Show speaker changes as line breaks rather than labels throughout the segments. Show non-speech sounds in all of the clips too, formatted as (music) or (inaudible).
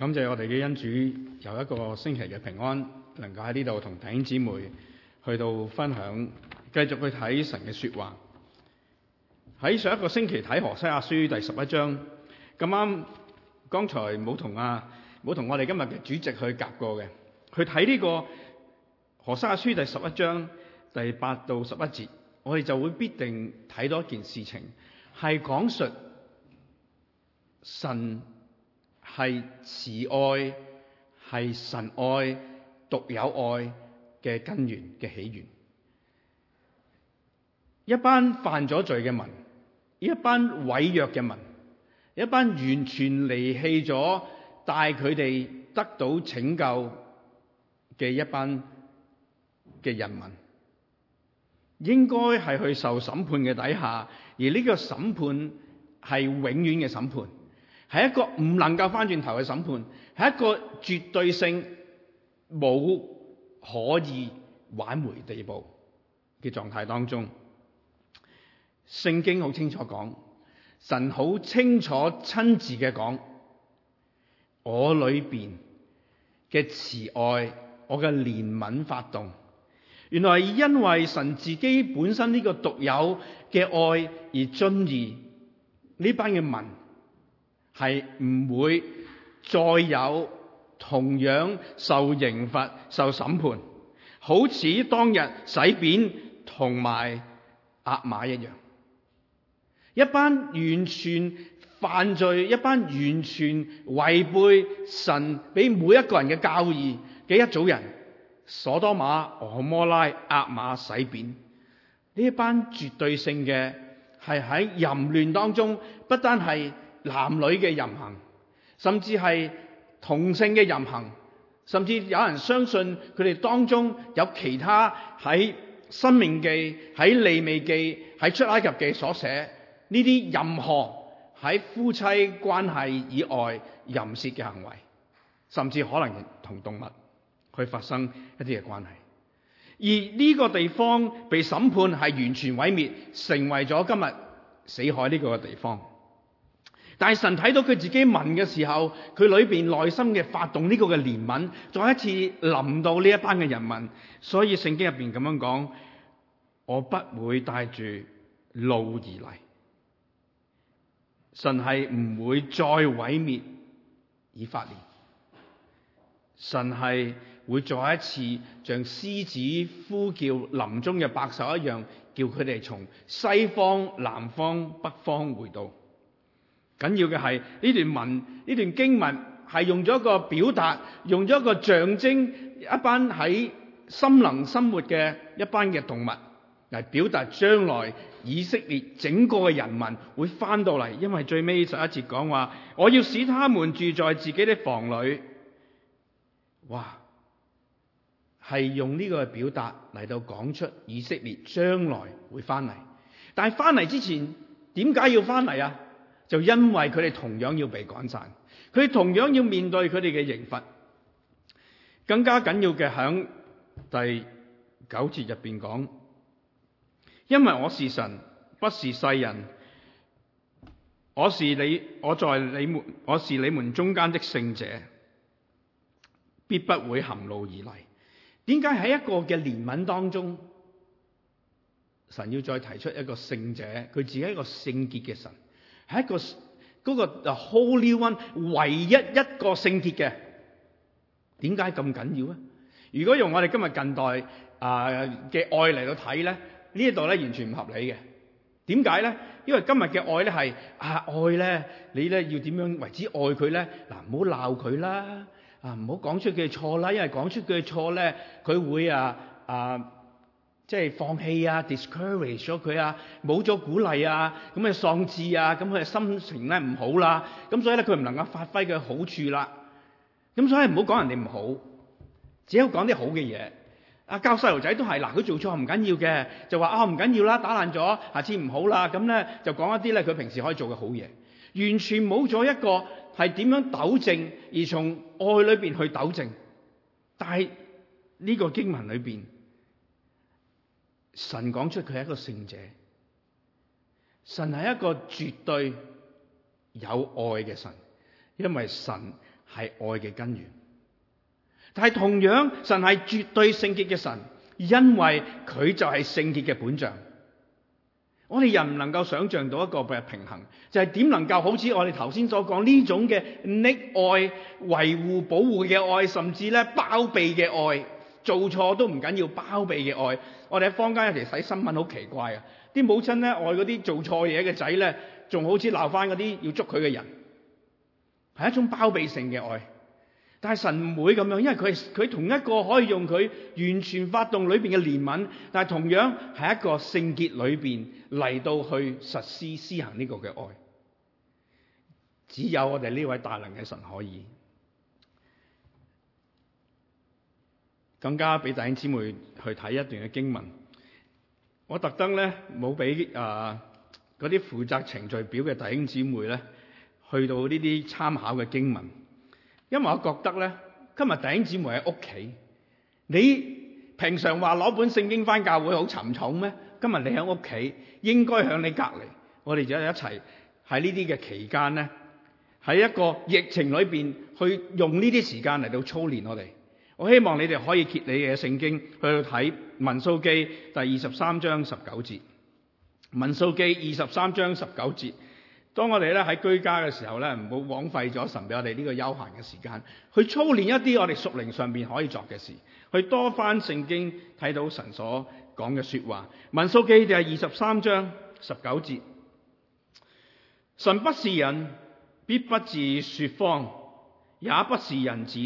感謝我哋嘅恩主，由一個星期嘅平安，能夠喺呢度同弟兄姊妹去到分享，繼續去睇神嘅説話。喺上一個星期睇何西阿書第十一章，咁啱剛才冇同阿冇同我哋今日嘅主席去夾過嘅，去睇呢個何西阿書第十一章第八到十一節，我哋就會必定睇到一件事情，係講述神。係慈愛，係神愛，獨有愛嘅根源嘅起源。一班犯咗罪嘅民，一班毀約嘅民，一班完全離棄咗帶佢哋得到拯救嘅一班嘅人民，應該係去受審判嘅底下，而呢個審判係永遠嘅審判。係一個唔能夠翻轉頭嘅審判，係一個絕對性冇可以挽回地步嘅狀態當中。聖經好清楚講，神好清楚親自嘅講，我裏邊嘅慈愛，我嘅憐憫發動，原來係因為神自己本身呢個獨有嘅愛而尊義呢班嘅民。係唔會再有同樣受刑罰、受審判，好似當日洗扁同埋押瑪一樣，一班完全犯罪、一班完全違背神俾每一個人嘅教義嘅一組人，所多瑪、俄摩拉、押瑪洗扁呢一班絕對性嘅，係喺淫亂當中，不單係。男女嘅淫行，甚至係同性嘅淫行，甚至有人相信佢哋當中有其他喺申命記、喺利未記、喺出埃及記所寫呢啲任何喺夫妻關係以外淫褻嘅行為，甚至可能同動物去發生一啲嘅關係。而呢個地方被審判係完全毀滅，成為咗今日死海呢個地方。但係神睇到佢自己問嘅時候，佢裏邊內心嘅發動呢個嘅憐憫，再一次臨到呢一班嘅人民。所以聖經入邊咁樣講：我不會帶住怒而嚟，神係唔會再毀滅以法蓮，神係會再一次像獅子呼叫林中嘅百獸一樣，叫佢哋從西方、南方、北方回到。緊要嘅係呢段文，呢段經文係用咗一個表達，用咗一個象徵，一班喺森林生活嘅一班嘅動物嚟表達將來以色列整個嘅人民會翻到嚟，因為最尾上一節講話，我要使他們住在自己嘅房裏，哇，係用呢個表達嚟到講出以色列將來會翻嚟，但係翻嚟之前點解要翻嚟啊？就因為佢哋同樣要被趕散，佢同樣要面對佢哋嘅刑罰。更加緊要嘅，響第九節入邊講：因為我是神，不是世人。我是你，我在你們，我是你們中間的聖者，必不會行路而嚟。點解喺一個嘅憐憫當中，神要再提出一個聖者，佢自己係一個聖潔嘅神？係一個嗰個啊，Holy One 唯一一個聖潔嘅，點解咁緊要啊？如果用我哋今日近代啊嘅愛嚟到睇咧，呢一度咧完全唔合理嘅。點解咧？因為今日嘅愛咧係啊，愛咧，你咧要點樣為之愛佢咧？嗱，唔好鬧佢啦，啊唔好講出佢錯啦，因為講出佢錯咧，佢會啊啊～即係放棄啊，discourage 咗佢啊，冇咗鼓勵啊，咁啊喪志啊，咁佢心情咧唔好啦，啊，咁所以咧佢唔能夠發揮佢嘅好處啦。咁所以唔好講人哋唔好，只好講啲好嘅嘢。啊，教細路仔都係，嗱，佢做錯唔緊要嘅，就話啊唔緊要啦，打爛咗，下次唔好啦，咁咧就講一啲咧佢平時可以做嘅好嘢。完全冇咗一個係點樣糾正，而從愛裏邊去糾正。但係呢個經文裏邊。神講出佢係一個聖者，神係一個絕對有愛嘅神，因為神係愛嘅根源。但係同樣，神係絕對聖潔嘅神，因為佢就係聖潔嘅本像。我哋人唔能夠想象到一個平衡，就係，是，點能夠好似我哋頭先所講呢種嘅溺愛、維護、保護嘅愛，甚至咧包庇嘅愛，做錯都唔緊要包庇嘅愛。我哋喺坊間其實睇新聞，好奇怪啊！啲母親咧愛嗰啲做錯嘢嘅仔咧，仲好似鬧翻嗰啲要捉佢嘅人，係一種包庇性嘅愛。但係神唔會咁樣，因為佢佢同一個可以用佢完全發動裏邊嘅憐憫，但係同樣係一個聖潔裏邊嚟到去實施施行呢個嘅愛，只有我哋呢位大能嘅神可以。更加俾弟兄姊妹去睇一段嘅經文。我特登咧冇俾啊嗰啲負責程序表嘅弟兄姊妹咧去到呢啲參考嘅經文，因為我覺得咧今日弟兄姊妹喺屋企，你平常話攞本聖經返教會好沉重咩？今日你喺屋企，應該響你隔籬，我哋就一齊喺呢啲嘅期間咧，喺一個疫情裏邊去用呢啲時間嚟到操練我哋。我希望你哋可以揭你嘅聖經去睇《民數記》第二十三章十九節，《民數記》二十三章十九節。當我哋咧喺居家嘅時候咧，唔好枉費咗神俾我哋呢個休閒嘅時間，去操練一啲我哋屬靈上面可以作嘅事，去多翻聖經睇到神所講嘅說話，《民數記》就係二十三章十九節。神不是人，必不至說謊，也不是人子。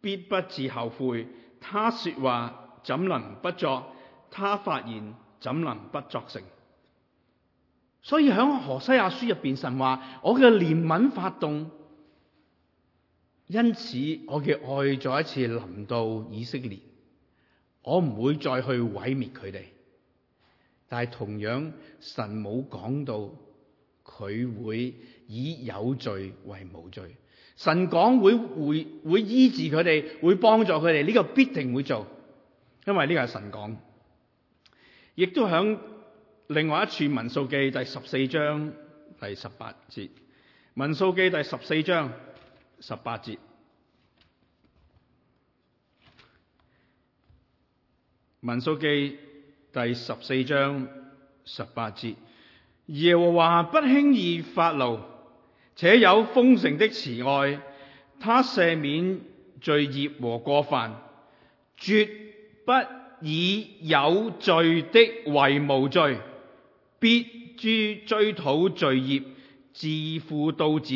必不致後悔。他說話怎能不作？他發言怎能不作成？所以喺何西阿書入邊，神話我嘅憐憫發動，因此我嘅愛再一次臨到以色列。我唔會再去毀滅佢哋，但係同樣神冇講到佢會以有罪為無罪。神講會會會醫治佢哋，會幫助佢哋，呢、呢個必定會做，因為呢個係神講。亦都響另外一處民數記第十四章第十八節，民數記第十四章十八節，民數記第十四章十八節，耶和華不輕易發怒，且有豐盛的慈愛，他赦免罪孽和過犯，絕不以有罪的為無罪，必追追討罪孽，自父到子，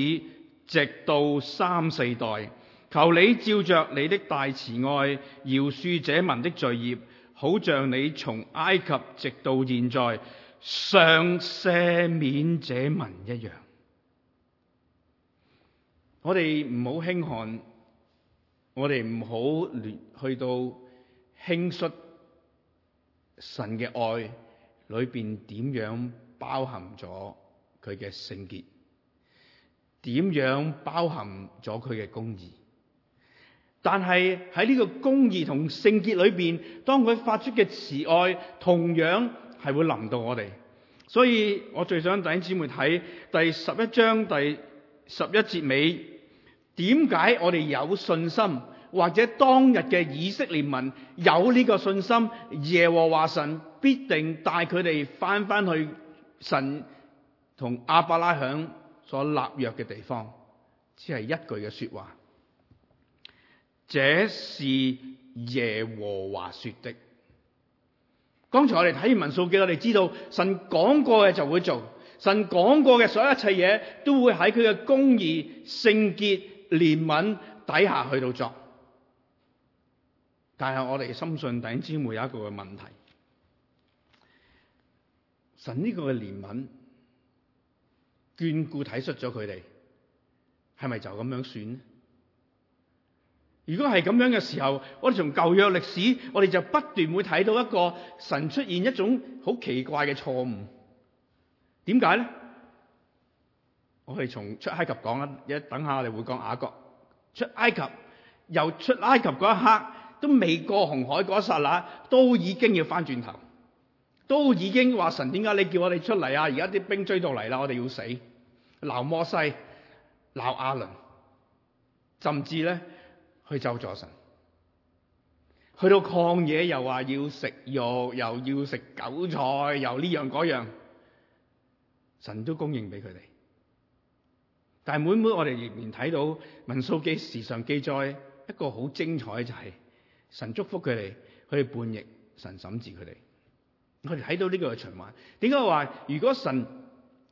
直到三四代。求你照着你的大慈愛饒恕這民的罪孽，好像你從埃及直到現在上赦免這民一樣。我哋唔好輕看，我哋唔好去到輕率神嘅愛裏邊，點樣包含咗佢嘅聖潔？點樣包含咗佢嘅公義？但係喺呢個公義同聖潔裏邊，當佢發出嘅慈愛，同樣係會臨到我哋。所以我最想弟兄姊妹睇第十一章第十一節尾。點解我哋有信心，或者當日嘅以色列民有呢個信心，耶和華神必定帶佢哋翻翻去神同亞伯拉罕所立約嘅地方，只係一句嘅說話。這是耶和華說的。剛才我哋睇民數記，我哋知道神講過嘅就會做，神講過嘅所有一切嘢都會喺佢嘅公義、聖潔憐憫底下去到作，但係我哋深信頂先會有一個問題：神呢個嘅憐憫眷顧體恤咗佢哋，係咪就咁樣算呢？如果係咁樣嘅時候，我哋從舊約歷史，我哋就不斷會睇到一個神出現一種好奇怪嘅錯誤。點解呢？我哋從出埃及講啦，一等下我哋會講雅各出埃及，由出埃及嗰一刻都未過紅海嗰剎那，都已經要翻轉頭，都已經話神，點解你叫我哋出嚟啊？而家啲兵追到嚟啦，我哋要死。鬧摩西鬧阿倫，甚至咧去咒咗神，去到曠野又話要食肉，又要食韭菜，又呢樣嗰樣，神都供應俾佢哋。但係每每我哋仍然睇到文素記時常記載一個好精彩，就係神祝福佢哋，佢哋叛逆神審判佢哋，我哋睇到呢個循環。點解話如果神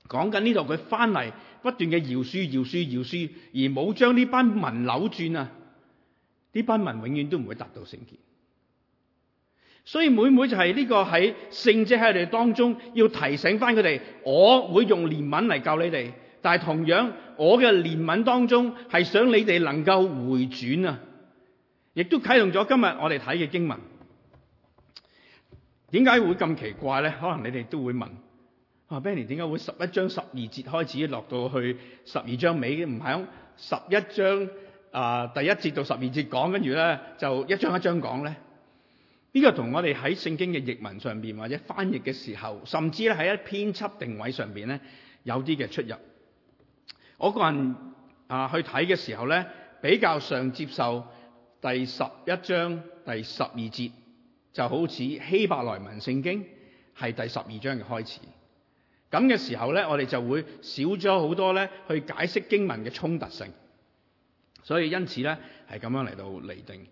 講緊呢度佢翻嚟，不斷嘅饒恕饒恕饒恕，而冇將呢班民扭轉啊？呢班民永遠都唔會達到聖潔。所以每每就係呢個喺聖者喺佢哋當中要提醒翻佢哋，我會用憐憫嚟救你哋。但係同樣，我嘅憐憫當中係想你哋能夠回轉啊！亦都啟動咗今日我哋睇嘅經文。點解會咁奇怪咧？可能你哋都會問：啊，Benny 點解會十一章十二節開始落到去十二章尾，唔喺十一章啊、呃、第一節到十二節講，跟住咧就一章一章講咧？呢、這個同我哋喺聖經嘅譯文上邊或者翻譯嘅時候，甚至咧喺一編輯定位上邊咧有啲嘅出入。我個人啊，去睇嘅時候咧，比較常接受第十一章第十二節，就好似希伯來文聖經係第十二章嘅開始。咁嘅時候咧，我哋就會少咗好多咧去解釋經文嘅衝突性。所以因此咧，係咁樣嚟到釐定。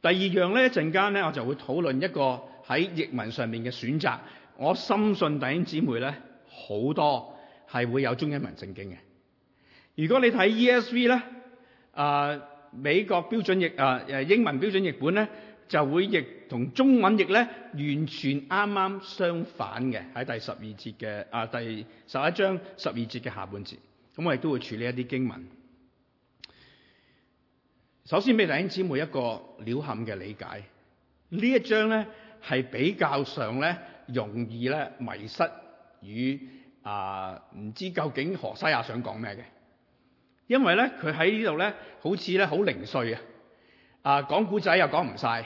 第二樣咧，一陣間咧，我就會討論一個喺譯文上面嘅選擇。我深信弟兄姊妹咧，好多係會有中英文聖經嘅。如果你睇 ESV 咧、呃、誒美國標準譯啊、呃，英文標準譯本咧，就會譯同中文譯咧完全啱啱相反嘅喺第十二節嘅啊、呃，第十一章十二節嘅下半節，咁、嗯、我哋都會處理一啲經文。首先俾弟兄姊妹一個了冚嘅理解，一呢一章咧係比較上咧容易咧迷失與啊、唔、呃、知究竟何西亞想講咩嘅。因為咧，佢喺呢度咧，好似咧好零碎啊！啊，講古仔又講唔晒，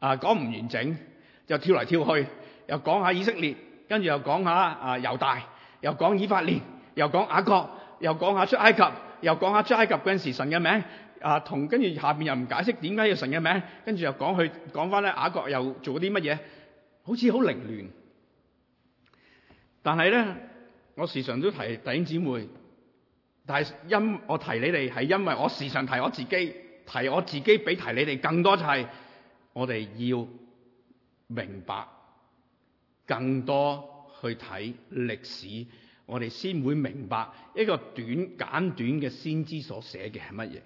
啊講唔完整，又跳嚟跳去，又講下以色列，跟住又講下啊猶大，又講以法蓮，又講雅各，又講下出埃及，又講下出埃及嗰陣時神嘅名啊，同跟住下邊又唔解釋點解要神嘅名，跟住又講去講翻咧雅各又做啲乜嘢，好似好凌亂。但係咧，我時常都提弟兄姊妹。但係因我提你哋，係因為我時常提我自己，提我自己比提你哋更多，就係我哋要明白更多去睇歷史，我哋先會明白一個短、簡短嘅先知所寫嘅係乜嘢。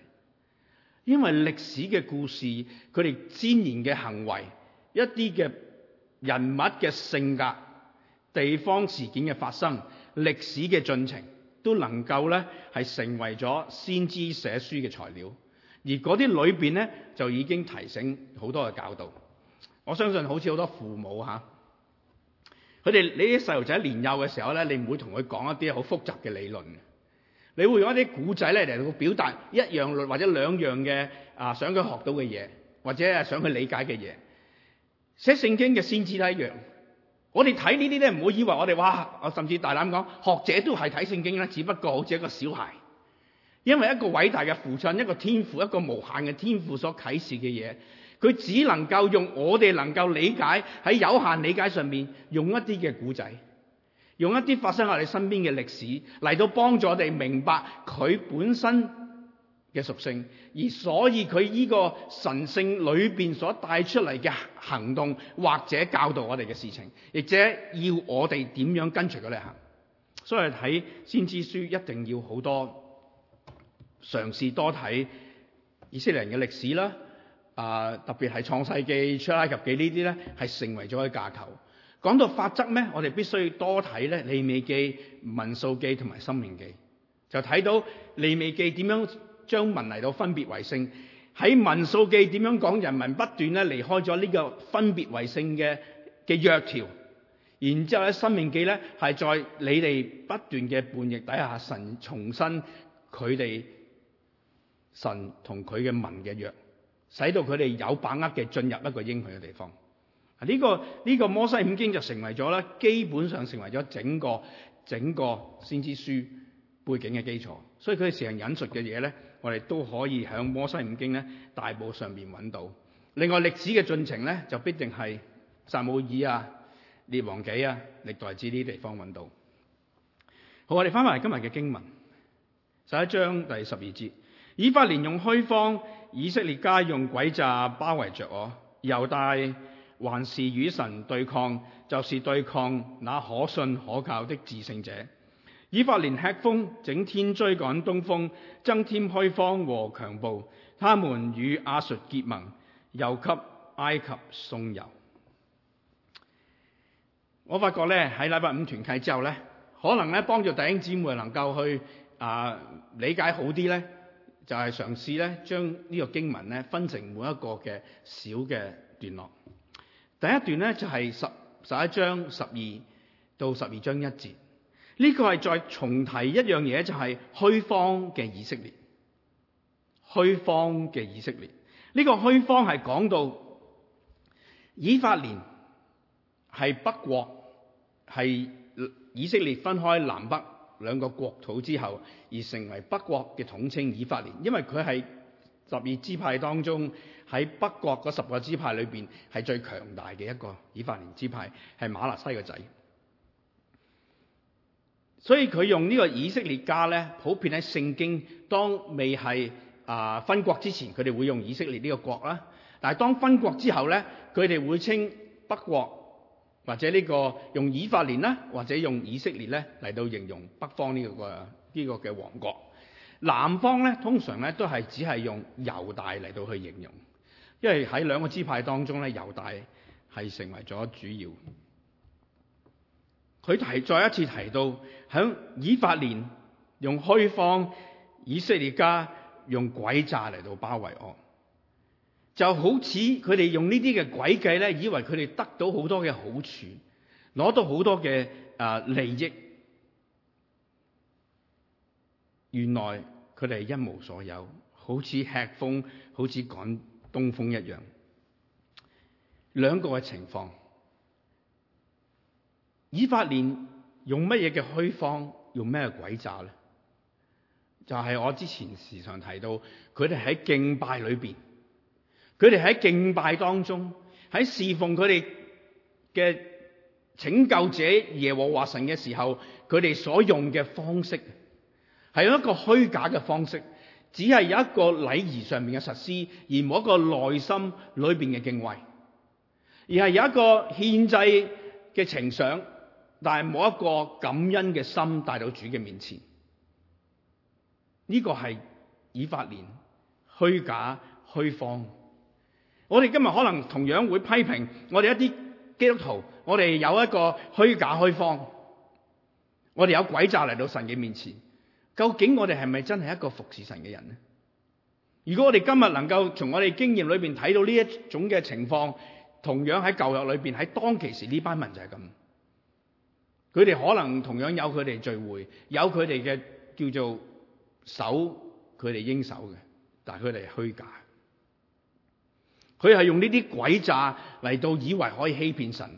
因為歷史嘅故事，佢哋自然嘅行為，一啲嘅人物嘅性格、地方事件嘅發生、歷史嘅進程。都能夠咧係成為咗先知寫書嘅材料，而嗰啲裏邊咧就已經提醒好多嘅教導，我相信好似好多父母吓，佢哋你啲細路仔年幼嘅時候咧，你唔會同佢講一啲好複雜嘅理論，你會用一啲古仔咧嚟到表達一樣或者兩樣嘅啊、呃、想佢學到嘅嘢，或者係想佢理解嘅嘢。寫聖經嘅先知都一樣。我哋睇呢啲咧，唔好以為我哋哇！我甚至大膽講，學者都係睇聖經啦，只不過好似一個小孩，因為一個偉大嘅父親，一個天父，一個無限嘅天父所啟示嘅嘢，佢只能夠用我哋能夠理解喺有限理解上面，用一啲嘅古仔，用一啲發生喺我哋身邊嘅歷史嚟到幫助我哋明白佢本身嘅屬性，而所以佢依個神性裏邊所帶出嚟嘅行動，或者教導我哋嘅事情，亦者要我哋點樣跟隨佢嚟行，所以睇先知書一定要好多嘗試多睇以色列人嘅歷史啦，啊、呃、特別係創世記、出埃及記呢啲咧，係成為咗一個架構。講到法則咧，我哋必須要多睇咧利未記、民數記同埋申命記，就睇到利未記點樣。將民嚟到分別為聖，喺民數記點樣講？人民不斷咧離開咗呢個分別為聖嘅嘅約條，然之後咧申命記咧係在你哋不斷嘅叛逆底下，神重申佢哋神同佢嘅民嘅約，使到佢哋有把握嘅進入一個應許嘅地方。啊、這個，呢個呢個摩西五經就成為咗咧，基本上成為咗整個整個先知書背景嘅基礎。所以佢哋成日引述嘅嘢咧。我哋都可以喺摩西五經咧大部上面揾到。另外歷史嘅進程咧就必定係撒母耳啊、列王紀啊、歷代志呢啲地方揾到。好，我哋翻返嚟今日嘅經文十一章第十二節，以法蓮用虛謊，以色列家用詭詐包圍着我，猶大還是與神對抗，就是對抗那可信可靠的至聖者。以法連吃風，整天追趕東風，增添開荒和強暴。他們與亞述結盟，又給埃及送油。我發覺咧，喺禮拜五團契之後咧，可能咧幫助弟兄姊妹能夠去啊理解好啲咧，就係、是、嘗試咧將呢個經文咧分成每一個嘅小嘅段落。第一段咧就係、是、十十一章十二到十二章一節。呢個係再重提一樣嘢，就係虛方嘅以色列，虛方嘅以色列。呢個虛方係講到以法蓮係北國，係以色列分開南北兩個國土之後而成為北國嘅統稱。以法蓮，因為佢係十二支派當中喺北國嗰十個支派裏邊係最強大嘅一個。以法蓮支派係瑪拿西個仔。所以佢用呢個以色列家咧，普遍喺聖經當未係啊、呃、分國之前，佢哋會用以色列呢個國啦。但係當分國之後咧，佢哋會稱北國，或者呢個用以法蓮啦，或者用以色列咧，嚟到形容北方呢個嘅呢個嘅王國。南方咧通常咧都係只係用猶大嚟到去形容，因為喺兩個支派當中咧，猶大係成為咗主要。佢提再一次提到，喺以法蓮用虛謊，以色列家用詭詐嚟到包圍我，就好似佢哋用呢啲嘅詭計咧，以為佢哋得到好多嘅好處，攞到好多嘅誒利益，原來佢哋一無所有，好似吃風，好似趕東風一樣，兩個嘅情況。以法蓮用乜嘢嘅虛方，用咩鬼詐咧？就係、是、我之前時常提到，佢哋喺敬拜裏邊，佢哋喺敬拜當中，喺侍奉佢哋嘅拯救者耶和華神嘅時候，佢哋所用嘅方式係用一個虛假嘅方式，只係有一個禮儀上面嘅實施，而冇一個內心裏邊嘅敬畏，而係有一個獻祭嘅情想。但係冇一個感恩嘅心帶到主嘅面前，呢個係以法蓮虛假虛謊。我哋今日可能同樣會批評我哋一啲基督徒，我哋有一個虛假虛謊，我哋有鬼詐嚟到神嘅面前。究竟我哋係咪真係一個服侍神嘅人呢？如果我哋今日能夠從我哋經驗裏邊睇到呢一種嘅情況，同樣喺舊約裏邊喺當其時呢班人就係咁。佢哋可能同樣有佢哋聚會，有佢哋嘅叫做守，佢哋應守嘅，但係佢哋係虛假。佢係用呢啲詭詐嚟到以為可以欺騙神，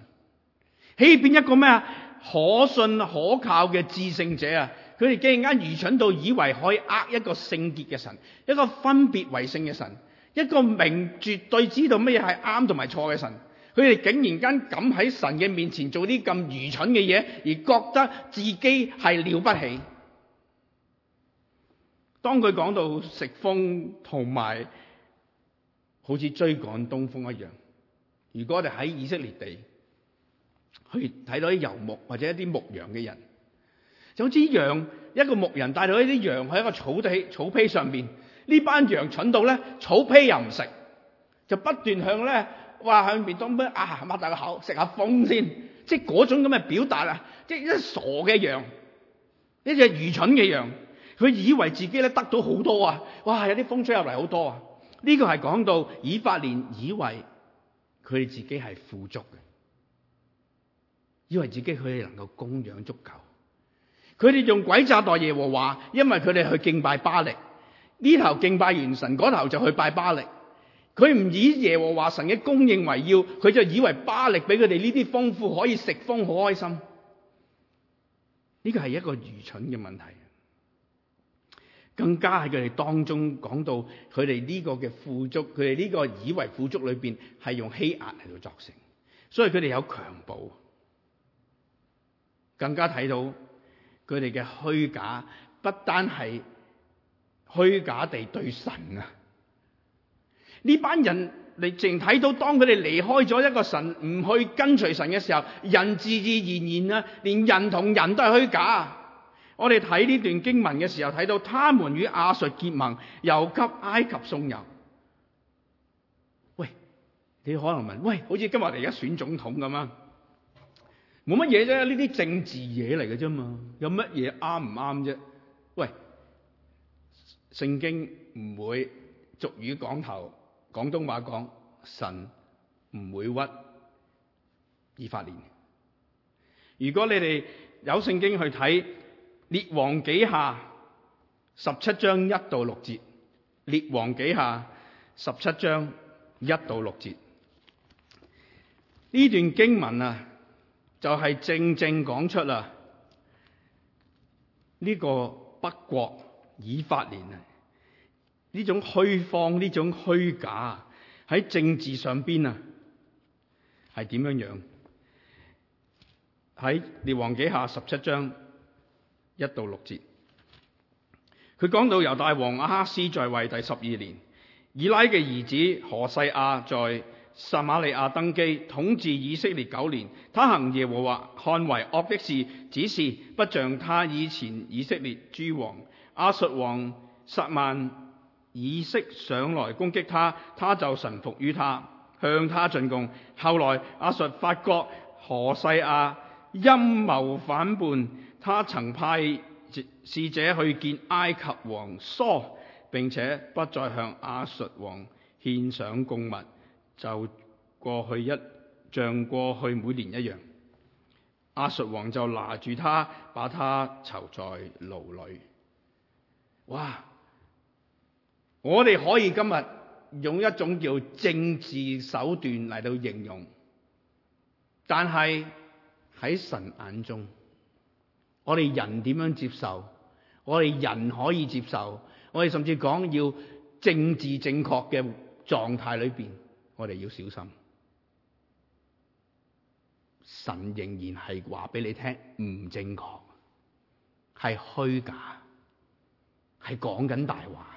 欺騙一個咩啊，可信可靠嘅至聖者啊！佢哋竟然間愚蠢到以為可以呃一個聖潔嘅神，一個分別為聖嘅神，一個明絕對知道咩嘢係啱同埋錯嘅神。佢哋竟然間敢喺神嘅面前做啲咁愚蠢嘅嘢，而覺得自己係了不起。當佢講到食風同埋，好似追趕東風一樣。如果我哋喺以色列地，可以睇到啲游牧或者一啲牧羊嘅人，就好似羊一個牧人帶到一啲羊喺一個草地草坯上面。呢班羊蠢到咧，草坯又唔食，就不斷向咧。話向邊度乜啊？擘大個口食下風先，即係嗰種咁嘅表達啊，即係一傻嘅羊，一隻愚蠢嘅羊，佢以為自己咧得到好多啊！哇，有啲風吹入嚟，好多啊！呢個係講到以法蓮以為佢哋自己係富足嘅，以為自己佢哋能夠供養足夠，佢哋用鬼詐代耶和華，因為佢哋去敬拜巴力，呢頭敬拜完神，嗰頭就去拜巴力。佢唔以耶和華神嘅供應為要，佢就以為巴力俾佢哋呢啲豐富可以食豐好開心。呢個係一個愚蠢嘅問題，更加喺佢哋當中講到佢哋呢個嘅富足，佢哋呢個以為富足裏邊係用欺壓嚟到作成，所以佢哋有強暴，更加睇到佢哋嘅虛假，不單係虛假地對神啊。呢班人嚟，淨睇到當佢哋離開咗一個神，唔去跟隨神嘅時候，人自自然然啊，連人同人都係虛假。我哋睇呢段經文嘅時候，睇到他們與亞述結盟，又給埃及送油。喂，你可能問，喂，好似今日我哋而家選總統咁啊，冇乜嘢啫，呢啲政治嘢嚟嘅啫嘛，有乜嘢啱唔啱啫？喂，聖經唔會俗語講頭。廣東話講，神唔會屈以法蓮。如果你哋有聖經去睇《列王紀下》十七章一到六節，《列王紀下》十七章一到六節，呢段經文啊，就係、是、正正講出啦呢、這個北國以法蓮啊！呢種虛謊，呢種虛假喺政治上邊啊，係點樣樣？喺《列王紀下》十七章一到六節，佢講到猶大王亞哈斯在位第十二年，以拉嘅兒子何西亞在撒瑪利亞登基統治以色列九年。他行耶和華看為惡的事，只是不像他以前以色列諸王亞述王撒曼。以色上來攻擊他，他就臣服於他，向他進貢。後來阿術發覺何西阿陰謀反叛，他曾派使者去見埃及王梭，並且不再向阿術王獻上貢物。就過去一像過去每年一樣，阿術王就拿住他，把他囚在牢裏。哇！我哋可以今日用一種叫政治手段嚟到形容，但係喺神眼中，我哋人點樣接受？我哋人可以接受？我哋甚至講要政治正確嘅狀態裏邊，我哋要小心。神仍然係話俾你聽，唔正確，係虛假，係講緊大話。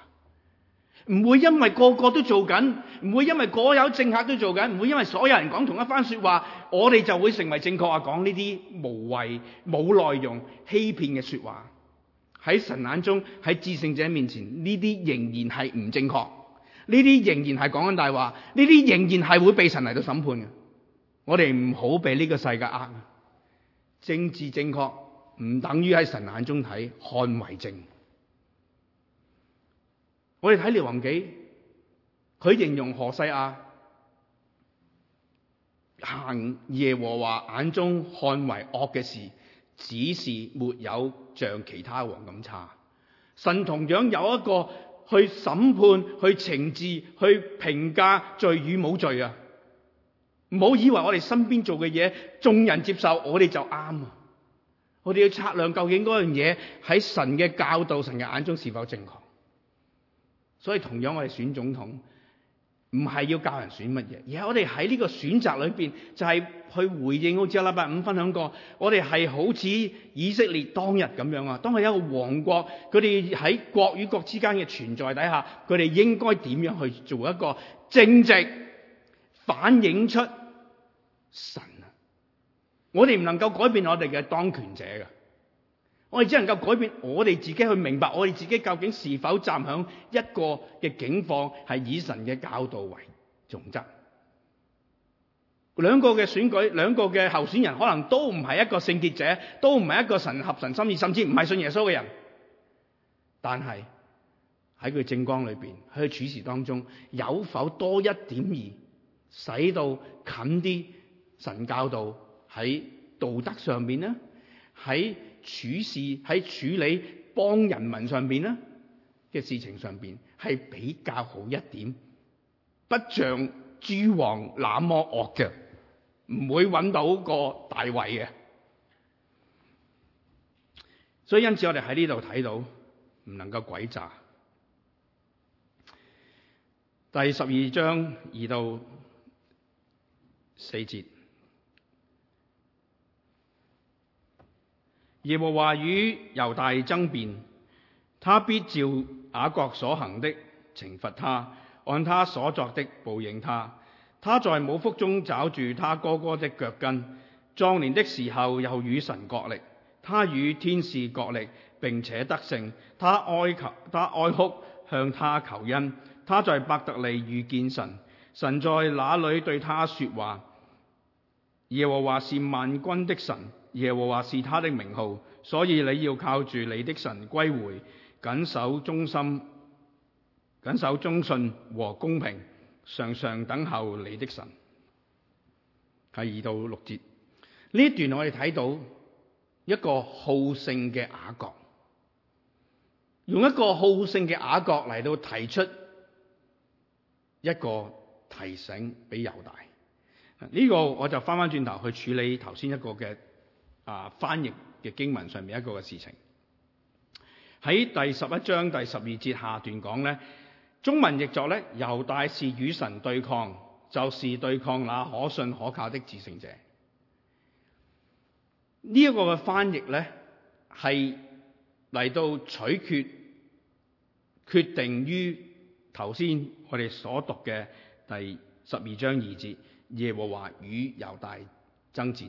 唔會因為個個都做緊，唔會因為各有政客都做緊，唔會因為所有人講同一番說話，我哋就會成為正確啊！講呢啲無謂、冇內容、欺騙嘅說話，喺神眼中，喺至聖者面前，呢啲仍然係唔正確，呢啲仍然係講緊大話，呢啲仍然係會被神嚟到審判嘅。我哋唔好被呢個世界呃。政治正確唔等於喺神眼中睇看為正。我哋睇列王記，佢形容何西阿、啊、行耶和華眼中看為惡嘅事，只是沒有像其他王咁差。神同樣有一個去審判、去懲治、去評價罪與冇罪啊！唔好以為我哋身邊做嘅嘢，眾人接受，我哋就啱。啊，我哋要測量究竟嗰樣嘢喺神嘅教導、神嘅眼中是否正確。所以同樣我哋選總統，唔係要教人選乜嘢，而係我哋喺呢個選擇裏邊，就係去回應好似阿禮拜五分享過，我哋係好似以色列當日咁樣啊，當係一個王國，佢哋喺國與國之間嘅存在底下，佢哋應該點樣去做一個正直，反映出神啊！我哋唔能夠改變我哋嘅當權者噶。我哋只能夠改變我哋自己，去明白我哋自己究竟是否站喺一個嘅境況，係以神嘅教導為原則。兩個嘅選舉，兩個嘅候選人可能都唔係一個聖潔者，都唔係一個神合神心意，甚至唔係信耶穌嘅人。但係喺佢政綱裏邊，喺佢處事當中有否多一點而使到近啲神教導喺道德上邊呢？喺處事喺處理幫人民上邊呢嘅事情上邊係比較好一點，不像諸王那麼惡嘅，唔會揾到個大位嘅。所以因此我哋喺呢度睇到唔能夠詭詐。第十二章二到四節。耶和華與猶大爭辯，他必照雅各所行的懲罰他，按他所作的報應他。他在母腹中抓住他哥哥的腳跟，壯年的時候又與神角力，他與天使角力，並且得勝。他哀求，他哀哭，向他求恩。他在伯特利遇見神，神在那裏對他說話。耶和華是萬軍的神。耶和華是他的名號，所以你要靠住你的神歸回，謹守忠心，謹守忠信和公平，常常等候你的神。喺二到六節呢段，我哋睇到一個好勝嘅雅各，用一個好勝嘅雅各嚟到提出一個提醒俾猶大。呢、這個我就返返轉頭去處理頭先一個嘅。啊！翻譯嘅經文上面一個嘅事情，喺第十一章第十二節下段講咧，中文譯作咧，猶大是與神對抗，就是對抗那可信可靠的自勝者。這個、呢一個嘅翻譯咧，係嚟到取決、決定於頭先我哋所讀嘅第十二章二節，耶和華與猶大爭戰。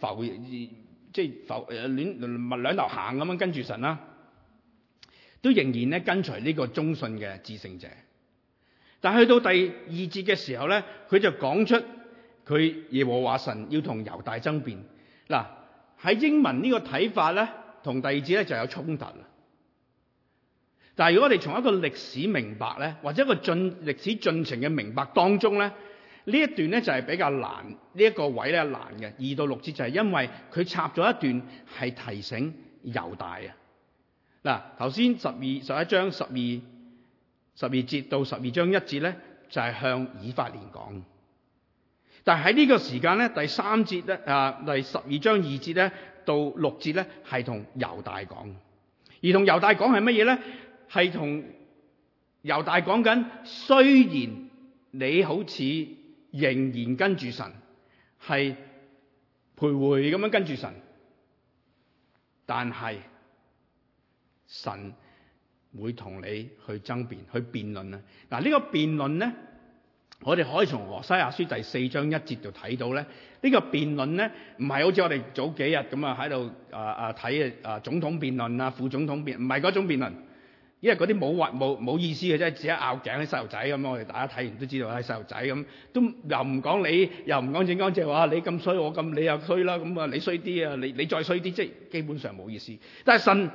浮即係浮誒亂物兩頭行咁樣跟住神啦，都仍然咧跟隨呢個忠信嘅至聖者。但去到第二節嘅時候咧，佢就講出佢耶和華神要同猶大爭辯。嗱，喺英文個呢個睇法咧，同第二節咧就有衝突啦。但係如果我哋從一個歷史明白咧，或者一個進歷史進程嘅明白當中咧。呢一段咧就係比較難，呢一個位咧難嘅二到六節就係因為佢插咗一段係提醒猶大啊。嗱，頭先十二十一章十二十二節到十二章一節咧就係向以法蓮講，但係喺呢個時間咧第三節咧啊第十二章二節咧到六節咧係同猶大講，而同猶大講係乜嘢咧？係同猶大講緊，雖然你好似仍然跟住神，係徘徊咁樣跟住神，但係神會同你去爭辯、去辯論啊，嗱，呢個辯論咧，我哋可以從何西阿書第四章一節度睇到咧。呢個辯論咧，唔係好似我哋早幾日咁啊喺度啊啊睇啊總統辯論啊副總統辯，唔係嗰種辯論。因為嗰啲冇話冇冇意思嘅啫，只係拗頸啲細路仔咁。我哋大家睇完都知道係細路仔咁，都又唔講你，又唔講正，正，正，正，即係話。你咁衰，我咁你又衰啦。咁啊，你衰啲啊，你你，你再衰啲，即係基本上冇意思。但係神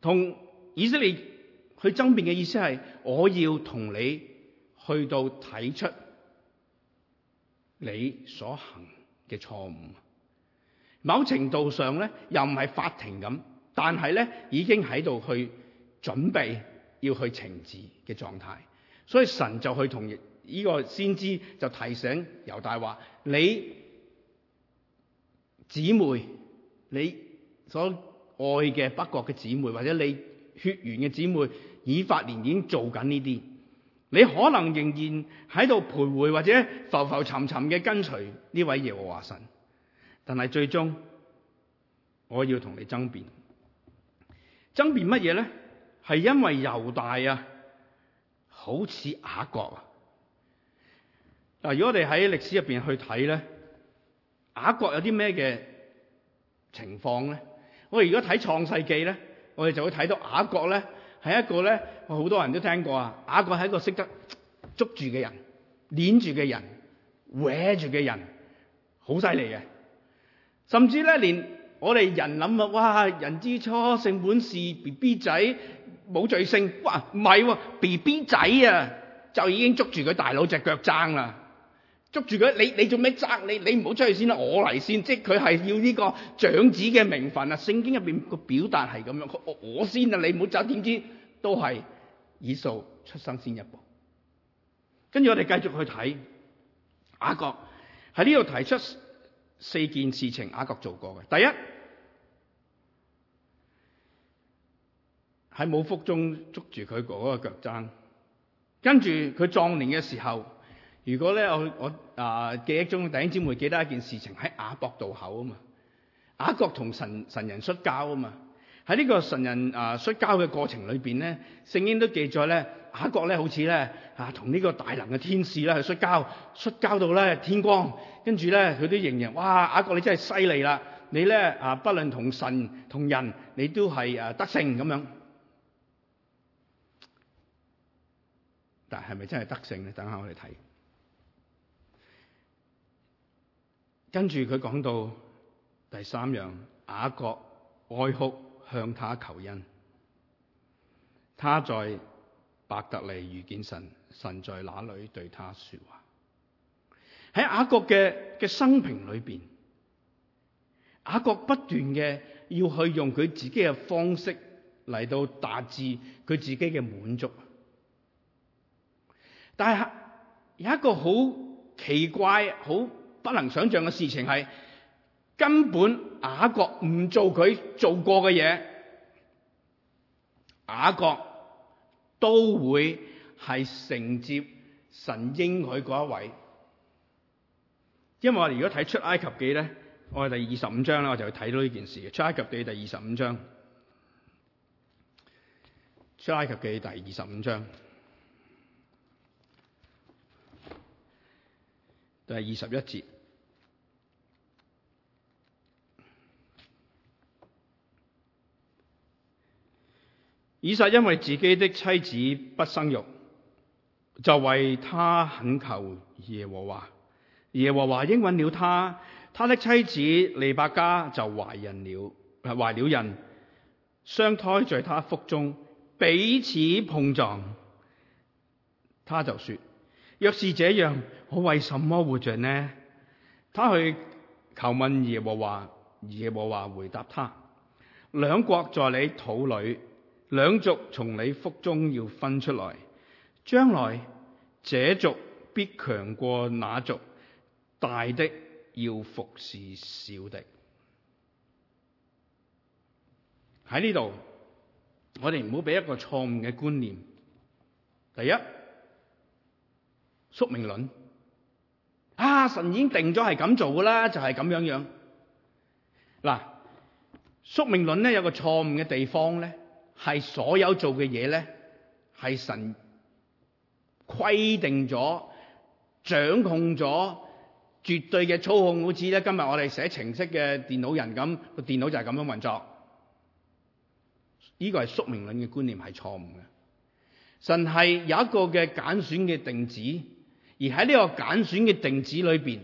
同以色列去爭辯嘅意思係，我要同你去到睇出你所行嘅錯誤。某程度上咧，又唔係法庭咁，但係咧已經喺度去。準備要去懲治嘅狀態，所以神就去同呢個先知就提醒猶大話：你姊妹，你所愛嘅北國嘅姊妹，或者你血緣嘅姊妹，以法蓮已經做緊呢啲，你可能仍然喺度徘徊或者浮浮沉沉嘅跟隨呢位耶和華神，但係最終我要同你爭辯，爭辯乜嘢咧？係因為猶大啊，好似雅各啊。嗱，如果我哋喺歷史入邊去睇咧，雅各有啲咩嘅情況咧？我哋如果睇創世記咧，我哋就會睇到雅各咧係一個咧，好多人都聽過啊。雅各係一個識得捉住嘅人、捏住嘅人、搲住嘅人，好犀利嘅，甚至咧連。我哋人諗啊，哇！人之初，性本善，B B 仔冇罪性。哇，唔係 B B 仔啊，就已經捉住佢大佬隻腳踭啦，捉住佢，你你做咩爭？你你唔好出去先啦，我嚟先。即係佢係要呢個長子嘅名分啊。聖經入邊個表達係咁樣，我我先啊，你唔好走。點知都係以掃出生先一步。跟住我哋繼續去睇雅各喺呢度提出。四件事情，雅各做過嘅。第一，喺母腹中捉住佢嗰個腳踭，跟住佢壯年嘅時候，如果咧我我啊記憶中弟兄姊妹記得一件事情，喺雅博渡口啊嘛，雅各同神神人摔跤啊嘛，喺呢個神人啊摔跤嘅過程裏邊咧，聖經都記載咧。雅各咧，好似咧，吓、啊、同呢個大能嘅天使咧去摔跤，摔跤到咧天光，跟住咧佢都承認：哇，雅各你真係犀利啦！你咧啊，不論同神同人，你都係誒得勝咁樣。但係咪真係得勝咧？等下我哋睇。跟住佢講到第三樣，雅各哀哭向他求恩，他在。伯特利遇見神，神在哪裏對他說話？喺雅各嘅嘅生平裏邊，雅各不斷嘅要去用佢自己嘅方式嚟到達致佢自己嘅滿足。但係有一個好奇怪、好不能想象嘅事情係，根本雅各唔做佢做過嘅嘢，雅各，都會係承接神應許一位，因為我哋如果睇出埃及記咧，我哋第二十五章咧，我就會睇到呢件事嘅。出埃及記第二十五章，出埃及記第二十五章，第二十一節。以撒因為自己的妻子不生育，就為他懇求耶和華。耶和華應允了他，他的妻子利百加就懷孕了，懷了孕，雙胎在他腹中彼此碰撞。他就說：若是這樣，我為什麼活着呢？他去求問耶和華，耶和華回答他：兩國在你肚裏。兩族從你腹中要分出來，將來這族必強過那族，大的要服侍小的。喺呢度，我哋唔好俾一個錯誤嘅觀念。第一，宿命論，啊神已經定咗係咁做噶啦，就係咁樣樣。嗱，宿命論咧有個錯誤嘅地方咧。係所有做嘅嘢咧，係神規定咗、掌控咗、絕對嘅操控，好似咧今日我哋寫程式嘅電腦人咁，個電腦就係咁樣運作。呢個係宿命論嘅觀念，係錯誤嘅。神係有一個嘅揀選嘅定旨，而喺呢個揀選嘅定旨裏邊，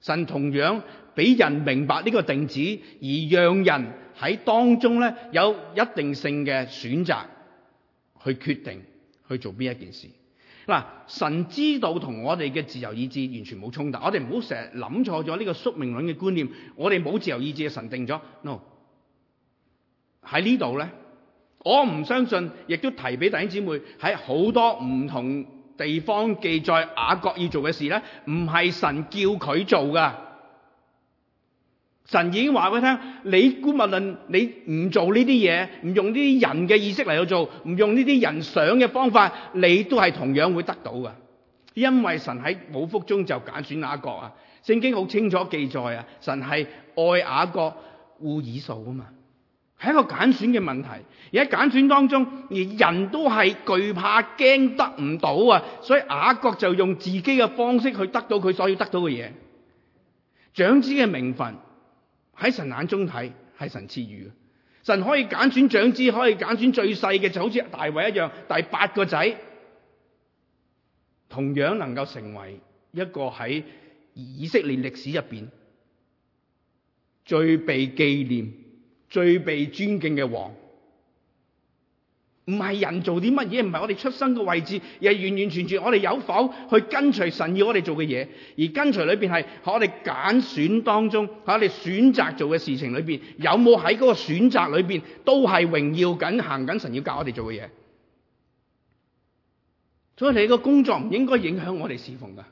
神同樣俾人明白呢個定旨，而讓人。喺當中咧，有一定性嘅選擇去決定去做邊一件事。嗱、啊，神知道同我哋嘅自由意志完全冇衝突。我哋唔好成日諗錯咗呢個宿命論嘅觀念。我哋冇自由意志嘅，神定咗。No，喺呢度咧，我唔相信，亦都提俾弟兄姊妹，喺好多唔同地方記載雅各要做嘅事咧，唔係神叫佢做噶神已經話畀佢聽，你姑勿論，你唔做呢啲嘢，唔用呢啲人嘅意識嚟去做，唔用呢啲人想嘅方法，你都係同樣會得到㗎。因為神喺母腹中就揀選雅各啊，聖經好清楚記載啊，神係愛雅各、惡以掃啊嘛，係一個揀選嘅問題。而喺揀選當中，而人都係懼怕驚得唔到啊，所以雅各就用自己嘅方式去得到佢所要得到嘅嘢，長子嘅名分。喺神眼中睇，係神賜予嘅。神可以揀選長子，可以揀選最細嘅，就好似大衛一樣，第八個仔，同樣能夠成為一個喺以色列歷史入邊最被紀念、最被尊敬嘅王。唔係人做啲乜嘢，唔係我哋出生嘅位置，而係完完全全我哋有否去跟隨神要我哋做嘅嘢，而跟隨裏邊係喺我哋揀選當中，喺我哋選擇做嘅事情裏邊，有冇喺嗰個選擇裏邊都係榮耀緊行緊神要教我哋做嘅嘢？所以你個工作唔應該影響我哋侍奉噶。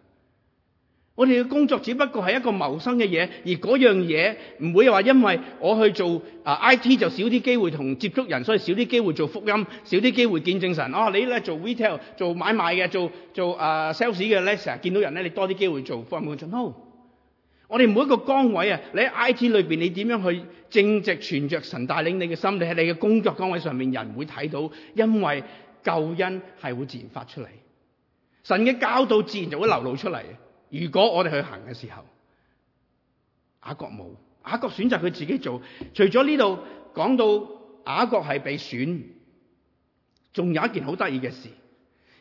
我哋嘅工作只不過係一個謀生嘅嘢，而嗰樣嘢唔會話因為我去做啊 IT 就少啲機會同接觸人，所以少啲機會做福音，少啲機會見證神。哦，你咧做 retail 做買賣嘅，做做啊、呃、sales 嘅咧，成日見到人咧，你多啲機會做福音。我話 No，我哋每一個崗位啊，你喺 IT 裏邊，你點樣去正直存着神帶領你嘅心，你喺你嘅工作崗位上面人會睇到，因為救恩係會自然發出嚟，神嘅教導自然就會流露出嚟。如果我哋去行嘅時候，雅各冇雅各選擇佢自己做。除咗呢度講到雅各係被選，仲有一件好得意嘅事。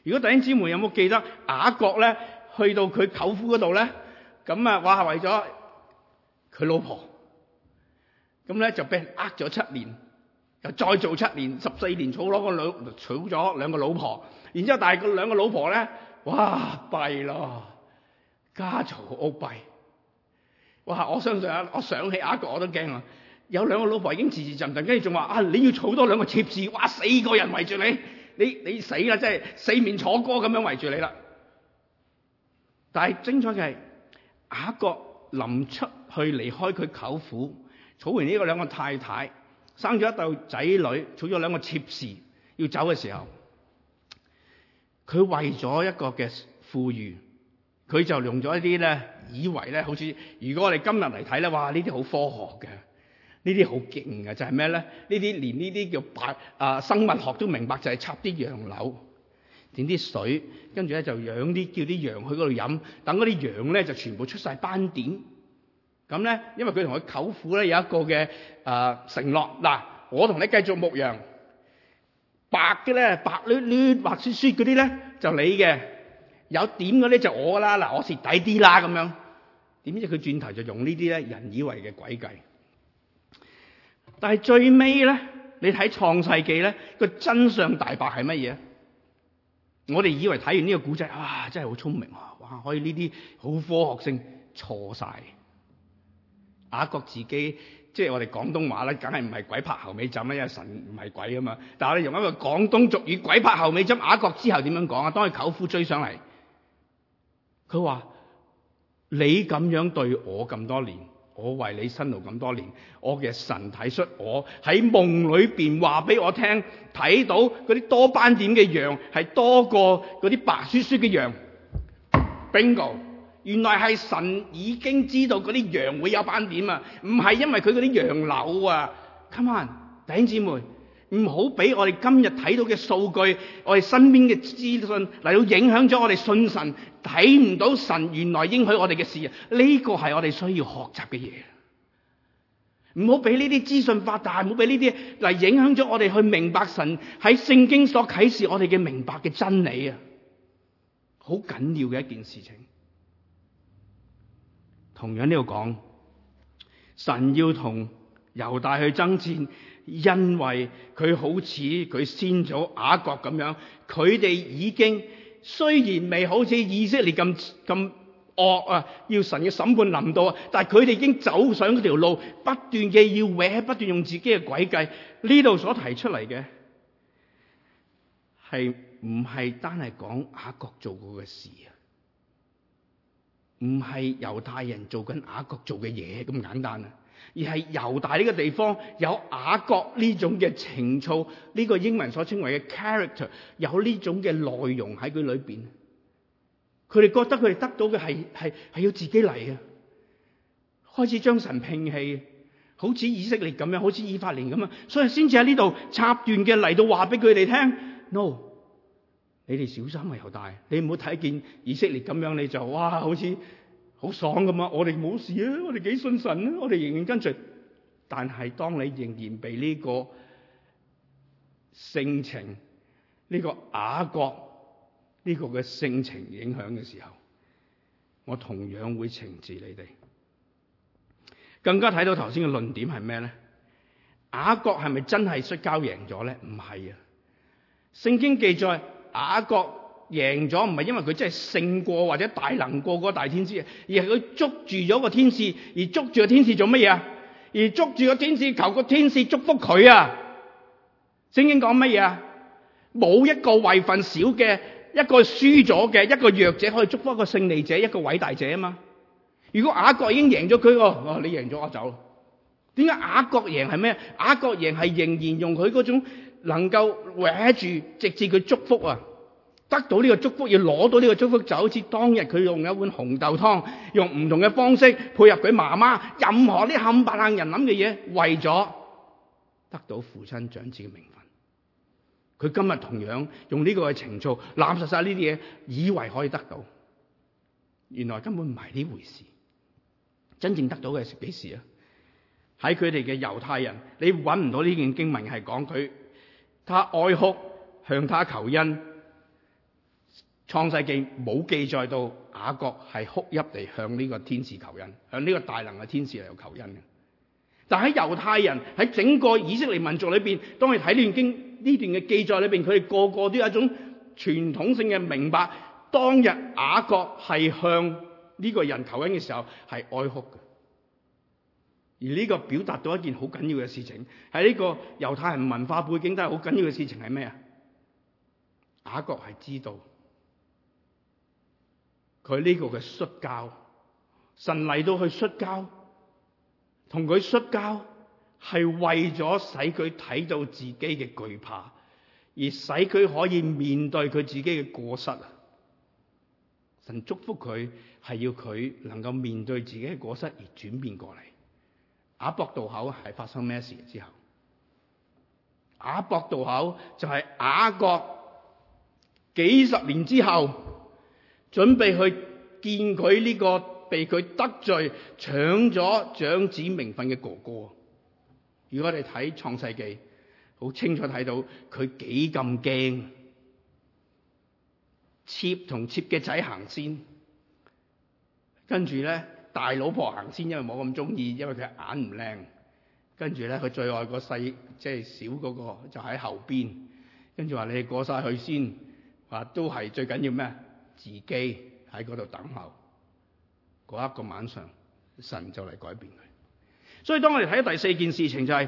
如果弟兄姊妹有冇記得雅各咧，去到佢舅父嗰度咧，咁啊，哇為咗佢老婆，咁咧就俾人呃咗七年，又再做七年，十四年娶咗個女，娶咗兩個老婆。然之後但係個兩個老婆咧，哇弊咯～家嘈屋閉，哇！我相信啊，我想起雅各我都驚啊。有兩個老婆已經自自震震，跟住仲話啊，你要儲多兩個妾侍，哇！四個人圍住你，你你死啦！即係四面楚歌咁樣圍住你啦。但係精彩嘅係，雅各臨出去離開佢舅父，儲完呢個兩個太太，生咗一對仔女，儲咗兩個妾侍，要走嘅時候，佢為咗一個嘅富裕。佢就用咗一啲咧，以為咧好似如果我哋今日嚟睇咧，哇！呢啲好科學嘅，呢啲好勁嘅，就係咩咧？呢啲連呢啲叫白啊生物學都明白，就係插啲楊柳，整啲水，跟住咧就養啲叫啲羊去嗰度飲，等嗰啲羊咧就全部出曬斑點。咁咧，因為佢同佢舅父咧有一個嘅啊承諾，嗱，我同你繼續牧羊，白嘅咧，白亂亂白雪雪嗰啲咧就你嘅。有點嘅咧就我啦，嗱，我蝕底啲啦咁樣。點知佢轉頭就用呢啲咧人以為嘅詭計。但係最尾咧，你睇《創世記》咧，個真相大白係乜嘢？我哋以為睇完呢個古仔，啊，真係好聰明，哇，可以呢啲好科學性錯晒。雅各自己即係我哋廣東話咧，梗係唔係鬼拍後尾枕咧？因為神唔係鬼啊嘛。但係你用一個廣東俗語，鬼拍後尾枕，雅各之後點樣講啊？當佢舅父追上嚟。佢話：你咁樣對我咁多年，我為你辛勞咁多年，我嘅神體恤我喺夢裏邊話俾我聽，睇到嗰啲多斑點嘅羊係多過嗰啲白雪雪嘅羊。Bingo！原來係神已經知道嗰啲羊會有斑點啊，唔係因為佢嗰啲羊柳啊。Come on，弟兄姊妹！唔好俾我哋今日睇到嘅數據，我哋身邊嘅資訊嚟到影響咗我哋信神，睇唔到神原來應許我哋嘅事。呢個係我哋需要學習嘅嘢。唔好俾呢啲資訊發大，唔好俾呢啲嚟影響咗我哋去明白神喺聖經所啟示我哋嘅明白嘅真理啊！好緊要嘅一件事情。同樣呢度講，神要同猶大去爭戰。因為佢好似佢先祖雅各咁樣，佢哋已經雖然未好似以色列咁咁惡啊，要神嘅審判臨到啊，但係佢哋已經走上條路，不斷嘅要歪，不斷用自己嘅詭計。呢度所提出嚟嘅係唔係單係講雅各做過嘅事啊？唔係猶太人做緊雅各做嘅嘢咁簡單啊？而係猶大呢個地方有雅各呢種嘅情操，呢個英文所稱為嘅 character，有呢種嘅內容喺佢裏邊。佢哋覺得佢哋得到嘅係係係要自己嚟啊！開始將神摒棄，好似以色列咁樣，好似以法蓮咁樣，所以先至喺呢度插段嘅嚟到話俾佢哋聽。No，你哋小心啊，猶大，你唔好睇見以色列咁樣，你就哇好似～好爽噶嘛！我哋冇事啊，我哋幾信神啊，我哋仍然跟隨。但係當你仍然被呢個性情、呢個雅各、呢個嘅性情影響嘅時候，我同樣會懲治你哋。更加睇到頭先嘅論點係咩咧？雅各係咪真係摔跤贏咗咧？唔係啊！聖經記載雅各。贏咗唔係因為佢真係勝過或者大能過個大天使，而係佢捉住咗個天使，而捉住個天使做乜嘢啊？而捉住個天使，求個天使祝福佢啊！聖經講乜嘢啊？冇一個位份少嘅，一個輸咗嘅，一個弱者可以祝福一個勝利者，一個偉大者啊嘛！如果雅各已經贏咗佢，哦，你贏咗我走。點解雅各贏係咩？雅各贏係仍然用佢嗰種能夠握住，直至佢祝福啊！得到呢個祝福，要攞到呢個祝福，就好似當日佢用一碗紅豆湯，用唔同嘅方式配合佢媽媽，任何啲冚唪唥人諗嘅嘢，為咗得到父親長子嘅名分。佢今日同樣用呢個嘅情操，攬實晒呢啲嘢，以為可以得到，原來根本唔係呢回事。真正得到嘅係幾時啊？喺佢哋嘅猶太人，你搵唔到呢件經文係講佢，他哀哭向他求恩。創世記冇記載到雅各係哭泣地向呢個天使求恩，向呢個大能嘅天使嚟度求恩嘅。但喺猶太人喺整個以色列民族裏邊，當你睇呢段經呢段嘅記載裏邊，佢哋個個都有一種傳統性嘅明白，當日雅各係向呢個人求恩嘅時候係哀哭嘅。而呢個表達到一件好緊要嘅事情，喺呢個猶太人文化背景都係好緊要嘅事情係咩啊？雅各係知道。佢呢個嘅摔跤，神嚟到去摔跤，同佢摔跤係為咗使佢睇到自己嘅懼怕，而使佢可以面對佢自己嘅過失啊！神祝福佢係要佢能夠面對自己嘅過失而轉變過嚟。雅博渡口係發生咩事之後？雅博渡口就係雅各幾十年之後。準備去見佢呢個被佢得罪、搶咗長子名分嘅哥哥。如果你睇《創世紀》，好清楚睇到佢幾咁驚，妾同妾嘅仔行先，跟住咧大老婆行先，因為冇咁中意，因為佢眼唔靚。跟住咧佢最愛個細，即係小嗰個就喺後邊。跟住話你哋過晒去先，話都係最緊要咩？自己喺嗰度等候，嗰一個晚上，神就嚟改變佢。所以當我哋睇到第四件事情，就係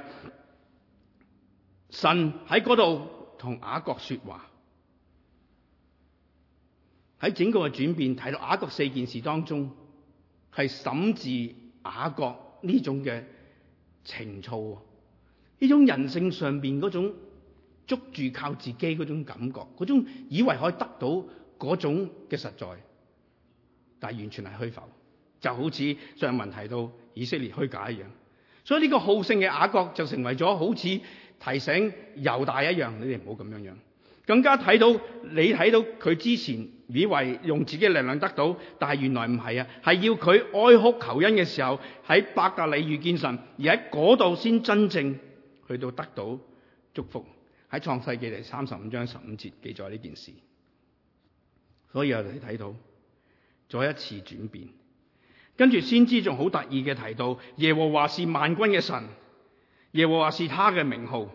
神喺嗰度同雅各說話，喺整個嘅轉變睇到雅各四件事當中，係審視雅各呢種嘅情操，啊，呢種人性上邊嗰種捉住靠自己嗰種感覺，嗰種以為可以得到。嗰種嘅實在，但完全係虛浮，就好似上文提到以色列虛假一樣。所以呢個好勝嘅雅各就成為咗好似提醒猶大一樣，你哋唔好咁樣樣。更加睇到你睇到佢之前以為用自己嘅力量得到，但係原來唔係啊，係要佢哀哭求恩嘅時候喺伯特利遇見神，而喺嗰度先真正去到得到祝福。喺創世記第三十五章十五節記載呢件事。所以我哋睇到再一次轉變，跟住先知仲好特意嘅提到，耶和華是萬軍嘅神，耶和華是他嘅名號，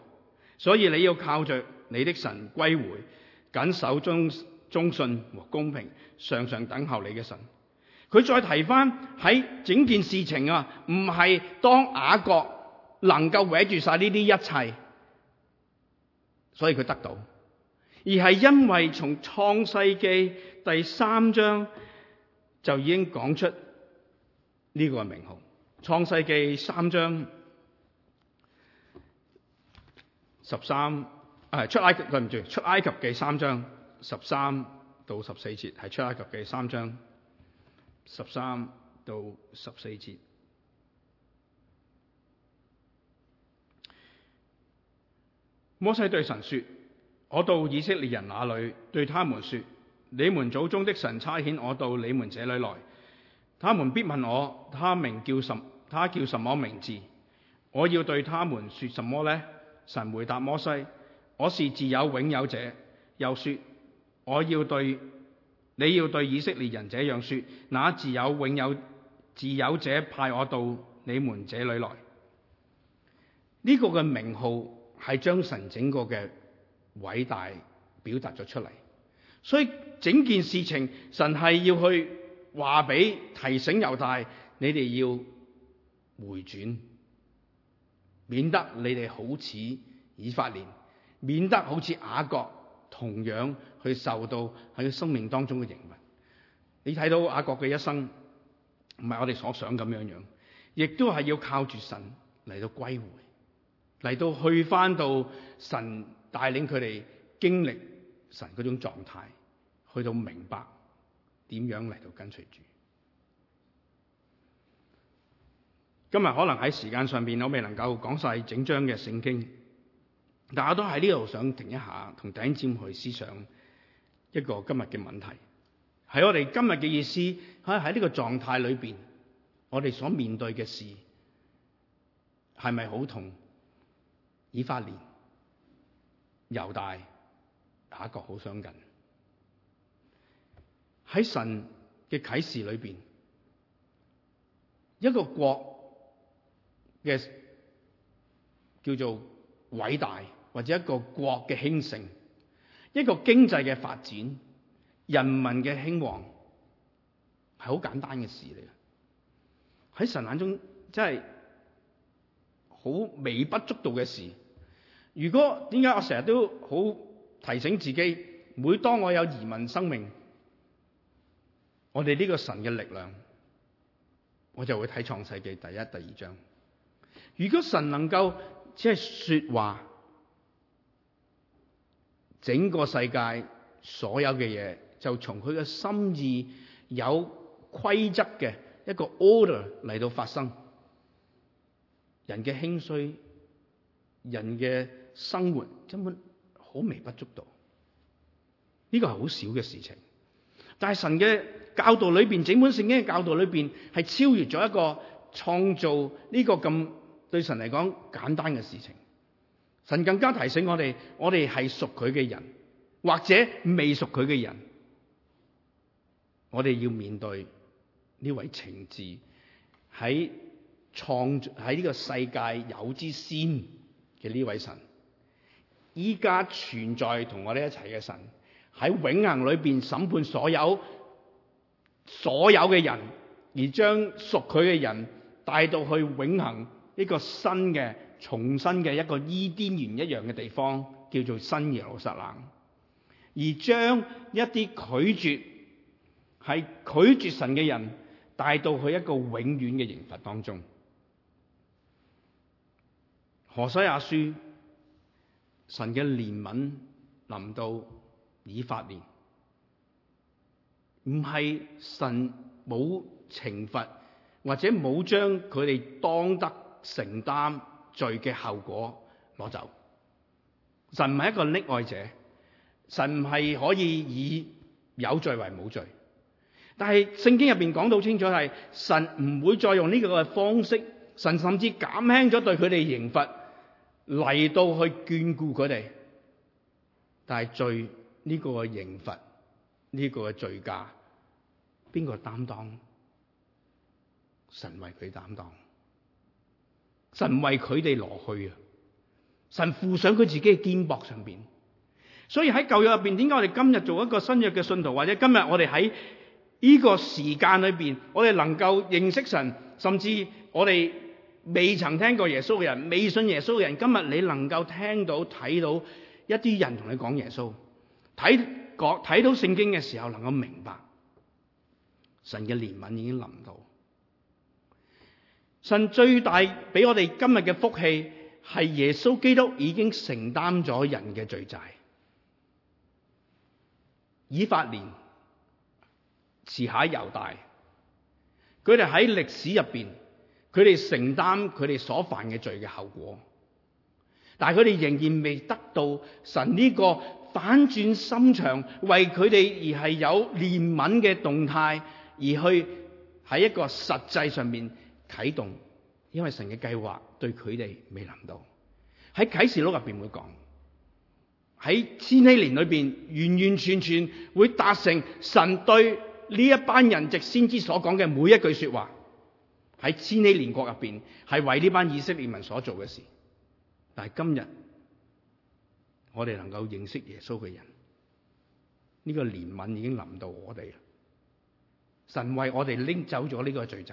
所以你要靠着你的神歸回，謹守忠忠信和公平，常常等候你嘅神。佢再提翻，喺整件事情啊，唔係當雅各能夠握住晒呢啲一切，所以佢得到。而係因為從創世記第三章就已經講出呢個名號，創世記三章十三，啊出埃及對唔住，出埃及記三章十三到十四節係出埃及記三章十三到十四節，摩西對神說。我到以色列人那裏，對他們說：你們祖宗的神差遣我到你們這裏來。他們必問我，他名叫什？他叫什麼名字？我要對他們說什麼呢？神回答摩西：我是自有永有者。又說：我要對你要對以色列人這樣說：那自有永有自有者派我到你們這裏來。呢、這個嘅名號係將神整個嘅。偉大表達咗出嚟，所以整件事情，神係要去話俾提醒猶大，你哋要回轉，免得你哋好似以法蓮，免得好似雅各，同樣去受到喺佢生命當中嘅刑罰。你睇到雅各嘅一生，唔係我哋所想咁樣樣，亦都係要靠住神嚟到歸回，嚟到去返到神。帶領佢哋經歷神嗰種狀態，去到明白點樣嚟到跟隨主。今日可能喺時間上邊我未能夠講晒整章嘅聖經，大家都喺呢度想停一下，同頂尖去思想一個今日嘅問題。喺我哋今日嘅意思，喺喺呢個狀態裏邊，我哋所面對嘅事係咪好痛？以法蓮。猶大打一個好相近，喺神嘅啟示裏邊，一個國嘅叫做偉大，或者一個國嘅興盛，一個經濟嘅發展，人民嘅興旺，係好簡單嘅事嚟嘅。喺神眼中，真係好微不足道嘅事。如果點解我成日都好提醒自己，每當我有移民生命，我哋呢個神嘅力量，我就會睇創世記第一、第二章。如果神能夠即係說話，整個世界所有嘅嘢就從佢嘅心意有規則嘅一個 order 嚟到發生，人嘅興衰，人嘅。生活根本好微不足道，呢個係好少嘅事情。但係神嘅教導裏邊，整本聖經嘅教導裏邊，係超越咗一個創造呢個咁對神嚟講簡單嘅事情。神更加提醒我哋，我哋係屬佢嘅人，或者未屬佢嘅人，我哋要面對呢位情志，喺創造喺呢個世界有之先嘅呢位神。依家存在同我哋一齊嘅神，喺永恆裏邊審判所有所有嘅人，而將屬佢嘅人帶到去永恆呢個新嘅重新嘅一個伊甸園一樣嘅地方，叫做新耶路撒冷，而將一啲拒絕係拒絕神嘅人帶到去一個永遠嘅刑罰當中。何西阿書。神嘅憐憫臨到以法蓮，唔係神冇懲罰或者冇將佢哋當得承擔罪嘅後果攞走。神唔係一個溺愛者，神唔係可以以有罪為冇罪。但係聖經入邊講到清楚係神唔會再用呢個嘅方式，神甚至減輕咗對佢哋刑罰。嚟到去眷顧佢哋，但係罪呢、這個刑罰，呢、這個罪價，邊個擔當？神為佢擔當，神為佢哋攞去啊！神附上佢自己嘅肩膊上邊。 (noise) 所以喺舊約入邊，點解我哋今日做一個新約嘅信徒，或者今日我哋喺呢個時間裏邊，我哋能夠認識神，甚至我哋。未曾聽過耶穌嘅人，未信耶穌嘅人，今日你能夠聽到、睇到一啲人同你講耶穌，睇講睇到聖經嘅時候，能夠明白神嘅憐憫已經臨到。神最大俾我哋今日嘅福氣，係耶穌基督已經承擔咗人嘅罪債。以法蓮、遲下猶大，佢哋喺歷史入邊。佢哋承擔佢哋所犯嘅罪嘅後果，但係佢哋仍然未得到神呢個反轉心腸、為佢哋而係有憐憫嘅動態，而去喺一個實際上面啟動。因為神嘅計劃對佢哋未諗到，喺啟示錄入邊會講，喺千禧年裏邊完完全全會達成神對呢一班人藉先知所講嘅每一句說話。喺千禧年國入邊，係為呢班以色列民所做嘅事。但係今日，我哋能夠認識耶穌嘅人，呢、這個憐憫已經臨到我哋啦。神為我哋拎走咗呢個罪債。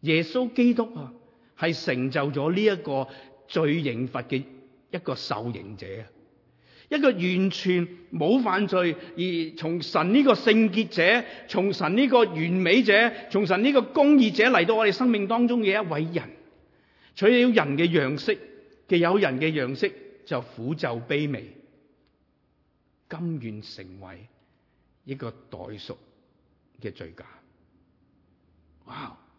耶穌基督啊，係成就咗呢一個罪刑罰嘅一個受刑者。一個完全冇犯罪，而從神呢個聖潔者、從神呢個完美者、從神呢個公義者嚟到我哋生命當中嘅一位人，取了人嘅樣式，既有人嘅樣式就苦就卑微，甘願成為一個代贖嘅罪價。哇、wow.！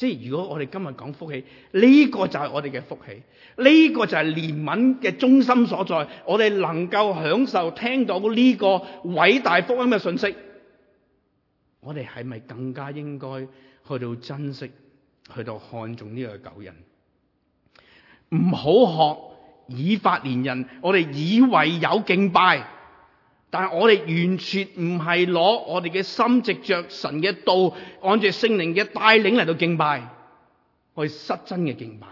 即係如果我哋今日講福氣，呢個就係我哋嘅福氣，呢個就係憐憫嘅中心所在。我哋能夠享受聽到呢個偉大福音嘅信息，我哋係咪更加應該去到珍惜、去到看重呢個救恩？唔好學以法蓮人，我哋以為有敬拜。但係我哋完全唔係攞我哋嘅心藉着神嘅道，按住聖靈嘅帶領嚟到敬拜，我哋失真嘅敬拜，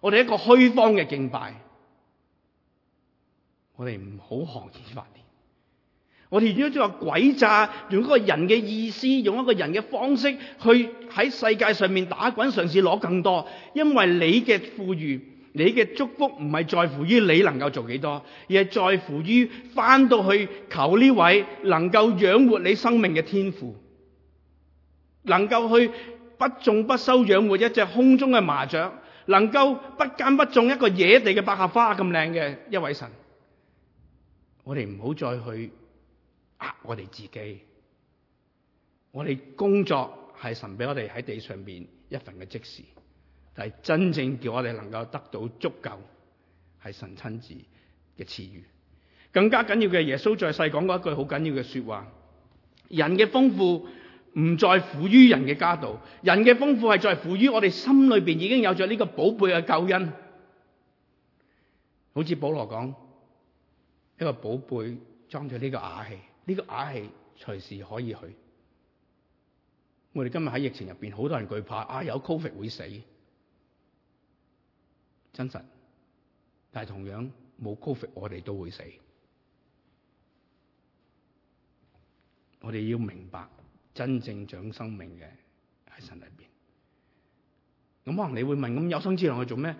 我哋一個虛方嘅敬拜，我哋唔好行業發電，我哋應該將話鬼詐，用一個人嘅意思，用一個人嘅方式去喺世界上面打滾，嘗試攞更多，因為你嘅富裕。你嘅祝福唔係在乎於你能夠做幾多，而係在乎於翻到去求呢位能夠養活你生命嘅天父，能夠去不種不收養活一隻空中嘅麻雀，能夠不耕不種一個野地嘅百合花咁靚嘅一位神，我哋唔好再去呃我哋自己，
我哋
工作係神俾我哋喺地上邊一份嘅即時。係真正叫我哋能夠得到足夠，係神親自嘅賜予。更加緊要嘅係耶穌在世講過一句好緊要嘅說話：人嘅豐富唔在乎於人嘅家道，人嘅豐富係在乎於我哋心裏邊已經有咗呢個寶貝嘅救恩。好似保羅講，一個寶貝裝住呢個瓦器，呢個瓦器隨時可以去。我哋今日喺疫情入邊，好多人懼怕，啊有 Covid 會死。真實，但係同樣冇 COVID，我哋都會死。我哋要明白真正長生命嘅喺神裏邊。咁可能你會問，咁有生之年去做咩？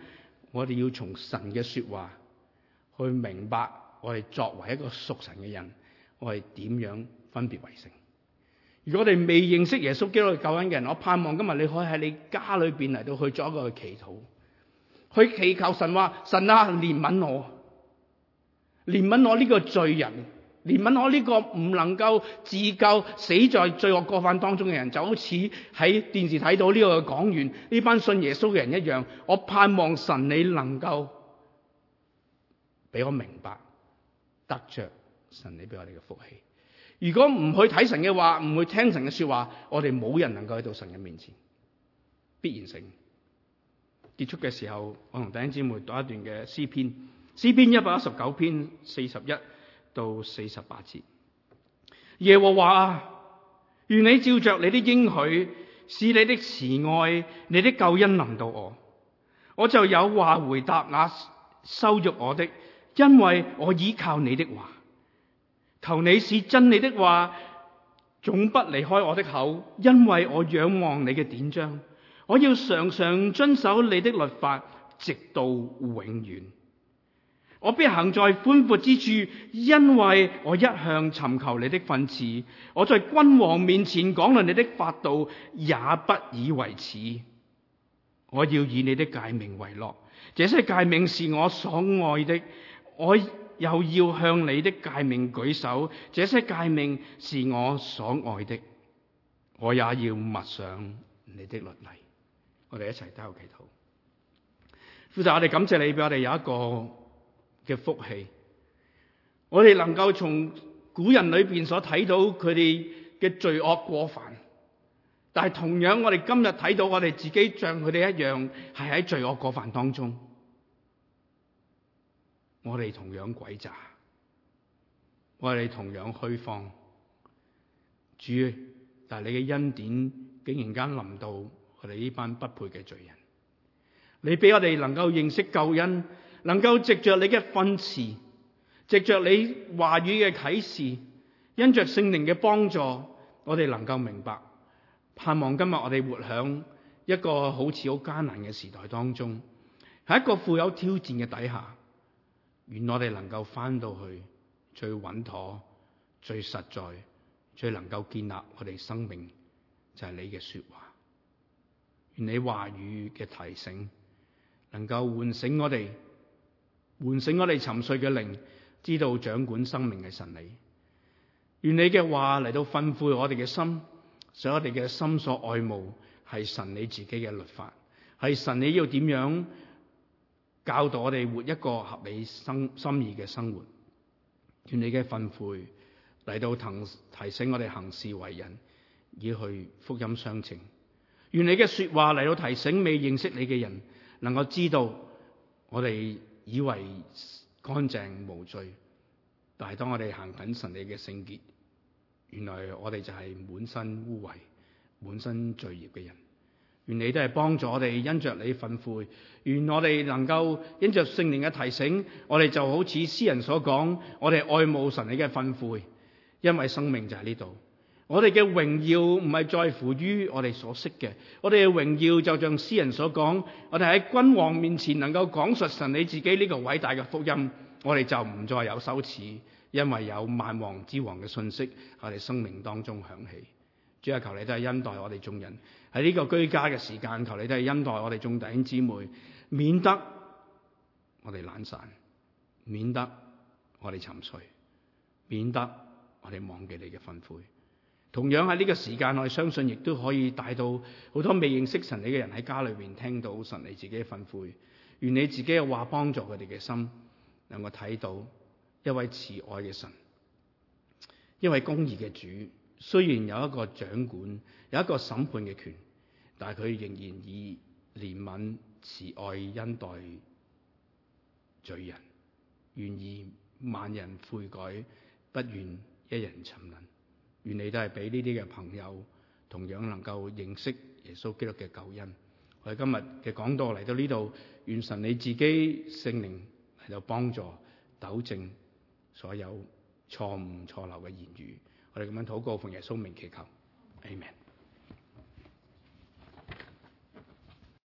我哋要從神嘅說話去明白，我哋作為一個屬神嘅人，我係點樣分別為聖？如果我哋未認識耶穌基督嘅救恩嘅人，我盼望今日你可以喺你家裏邊嚟到去做一個祈禱。佢祈求神話，神啊，憐憫我，憐憫我呢個罪人，憐憫我呢個唔能夠自救死在罪惡過犯當中嘅人，就好似喺電視睇到呢個講員，呢班信耶穌嘅人一樣。我盼望神你能夠俾我明白得着神你俾我哋嘅福氣。如果唔去睇神嘅話，唔會聽神嘅說話，我哋冇人能夠去到神嘅面前必然性。結束嘅時候，我同弟兄姊妹讀一段嘅詩篇，詩篇一百一十九篇四十一到四十八節。耶和華啊，願你照着你的應許，使你的慈愛、你的救恩臨到我，我就有話回答那、啊、羞辱我的，因為我依靠你的話。求你是真理的話，總不離開我的口，因為我仰望你嘅典章。我要常常遵守你的律法，直到永遠。我必行在寬闊之處，因為我一向尋求你的訓詞。我在君王面前講論你的法度，也不以為恥。我要以你的誡命為樂，這些誡命是我所愛的。我又要向你的誡命舉手，這些誡命是我所愛的。我也要默想你的律例。我哋一齊都有祈禱，富察，我哋感謝你俾我哋有一個嘅福氣，我哋能夠從古人裏邊所睇到佢哋嘅罪惡過犯，但係同樣我哋今日睇到我哋自己像佢哋一樣，係喺罪惡過犯當中，我哋同樣詭詐，我哋同樣虛放，主，但係你嘅恩典竟然間臨到。我哋呢班不配嘅罪人，你俾我哋能夠認識救恩，能夠藉着你嘅訓詞，藉着你話語嘅啟示，因着聖靈嘅幫助，我哋能夠明白。盼望今日我哋活響一個好似好艱難嘅時代當中，喺一個富有挑戰嘅底下，願我哋能夠翻到去最穩妥、最實在、最能夠建立我哋生命，就係你嘅說話。願你話語嘅提醒，能夠喚醒我哋，喚醒我哋沉睡嘅靈，知道掌管生命嘅神理。願你嘅話嚟到吩咐我哋嘅心，使我哋嘅心所愛慕係神你自己嘅律法，係神你要點樣教導我哋活一個合理心心意嘅生活。願你嘅吩咐嚟到提提醒我哋行事為人，以去福音相稱。願你嘅說話嚟到提醒未認識你嘅人，能夠知道我哋以為乾淨無罪，但係當我哋行緊神你嘅聖潔，原來我哋就係滿身污穢、滿身罪孽嘅人。願你都係幫助我哋因着你憤悔。願我哋能夠因着聖靈嘅提醒，我哋就好似詩人所講，我哋愛慕神你嘅憤悔，因為生命就喺呢度。我哋嘅榮耀唔係在乎於我哋所識嘅，我哋嘅榮耀就像詩人所講，我哋喺君王面前能夠講述神你自己呢個偉大嘅福音，我哋就唔再有羞恥，因為有萬王之王嘅信息喺我哋生命當中響起。主啊，求你都係恩待我哋眾人，喺呢個居家嘅時間，求你都係恩待我哋眾弟兄姊妹，免得我哋懶散，免得我哋沉睡，免得我哋忘記你嘅吩咐。同樣喺呢個時間內，相信亦都可以帶到好多未認識神你嘅人喺家裏邊聽到神你自己嘅憤悔，願你自己嘅話幫助佢哋嘅心，能夠睇到一位慈愛嘅神，一位公義嘅主。雖然有一個掌管、有一個審判嘅權，但係佢仍然以憐憫、慈愛恩待罪人，願意萬人悔改，不願一人沉淪。願你都係俾呢啲嘅朋友，同樣能夠認識耶穌基督嘅救恩。我哋今日嘅講道嚟到呢度，願神你自己聖靈系度幫助糾正所有錯誤錯漏嘅言語。我哋咁樣禱告，奉耶穌名祈求，Amen。